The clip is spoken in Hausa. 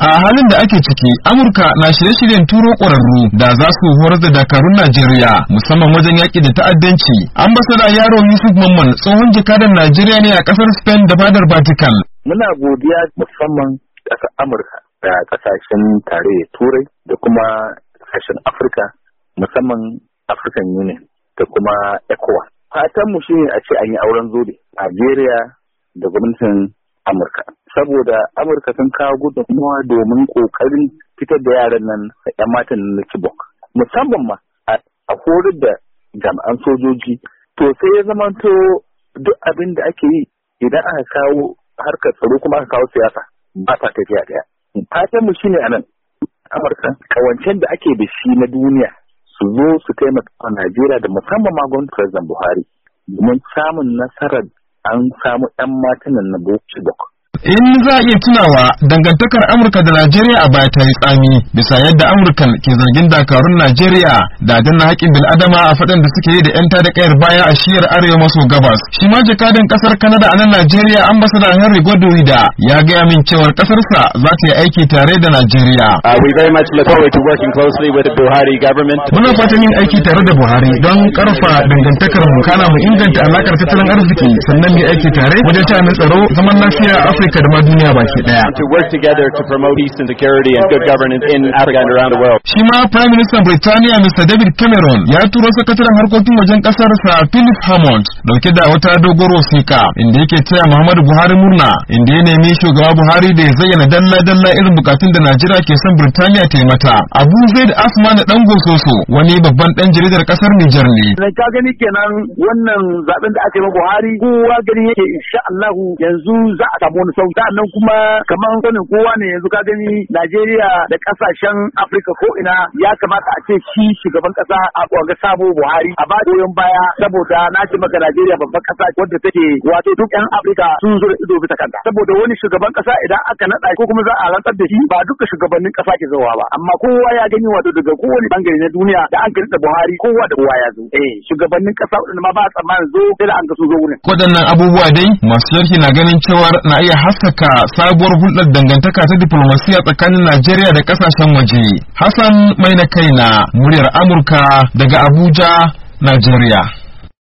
a halin da ake ciki amurka na shirye-shiryen turo ƙwararru da za su horar da dakarun najeriya musamman wajen yaƙi da ta'addanci ambasada yaro yusuf mamman tsohon jakadan najeriya ne a ƙasar spain da fadar vatican muna godiya musamman ƙasa amurka da ƙasashen tarayyar turai da kuma ƙasashen afirka musamman african union da kuma ecowas fatanmu shine a ce an yi auren zobe najeriya da gwamnatin Amurka. Saboda Amurka sun kawo kuma domin ƙoƙarin fitar da yaran nan ‘yan matan na Cibok. Musamman ma a horar da jami'an sojoji. To sai ya zamanto duk abin da ake yi idan aka kawo harkar tsaro kuma aka kawo siyasa ba ta tafiya ɗaya. Fatan mu shine anan Amurka kawancen da ake da shi na duniya su zo su taimaka a Najeriya da musamman ma gwamnatin Buhari domin samun nasarar an samu 'yan matanan na Bok in za a iya tunawa dangantakar amurka da najeriya a baya ta yi tsami bisa yadda amurka ke zargin dakarun najeriya da danna haƙƙin bil'adama a faɗin da suke yi da 'yan tada kayar baya a shiyar arewa maso gabas shi ma jakadan ƙasar kanada a nan najeriya ambasada henry da. ya gaya min cewar ƙasarsa za ta yi aiki tare da najeriya uh, muna fatan yin aiki tare da buhari don ƙarfa dangantakar mu kana mu inganta alakar tattalin arziki sannan mu aiki tare wajen ta tsaro zaman lafiya a afirka Afirka da ma duniya baki daya. To work together to promote peace and security and in and around the world. Shi ma Prime Minister Britania Mr David Cameron ya turo sakataren harkokin wajen kasar sa Philip Hammond dauke da wata dogoro wasiƙa inda yake taya Muhammadu Buhari murna inda ya nemi shugaba Buhari da ya zayyana dalla dalla irin bukatun da Najeriya ke son Britania ta yi mata. Abu Zaid Asman dan Gososo wani babban dan jaridar kasar Nijar ne. Ka gani kenan wannan zaben da aka yi Buhari kowa gani yake insha Allah yanzu za a samu wani sauta nan kuma kamar sanin kowa ne yanzu ka gani Najeriya da kasashen Afirka ko ina ya kamata a ce shi shugaban kasa a ga sabo Buhari a ba goyon baya saboda na ce maka Najeriya babban kasa wadda take wato duk yan Afirka sun zo da ido bisa kanta saboda wani shugaban kasa idan aka naɗa ko kuma za a rantsar da shi ba duka shugabannin kasa ke zawa ba amma kowa ya gani wato daga kowane bangare na duniya da an da Buhari kowa da kowa ya zo eh shugabannin kasa wadanda ma ba a tsammanin zo sai da an ga su zo wurin. Waɗannan abubuwa dai masu yarki na ganin cewa na iya haskaka sabuwar hulɗar dangantaka ta diplomasiya tsakanin Najeriya da ƙasashen waje. Hassan Mai na kaina, muryar Amurka daga Abuja, Najeriya.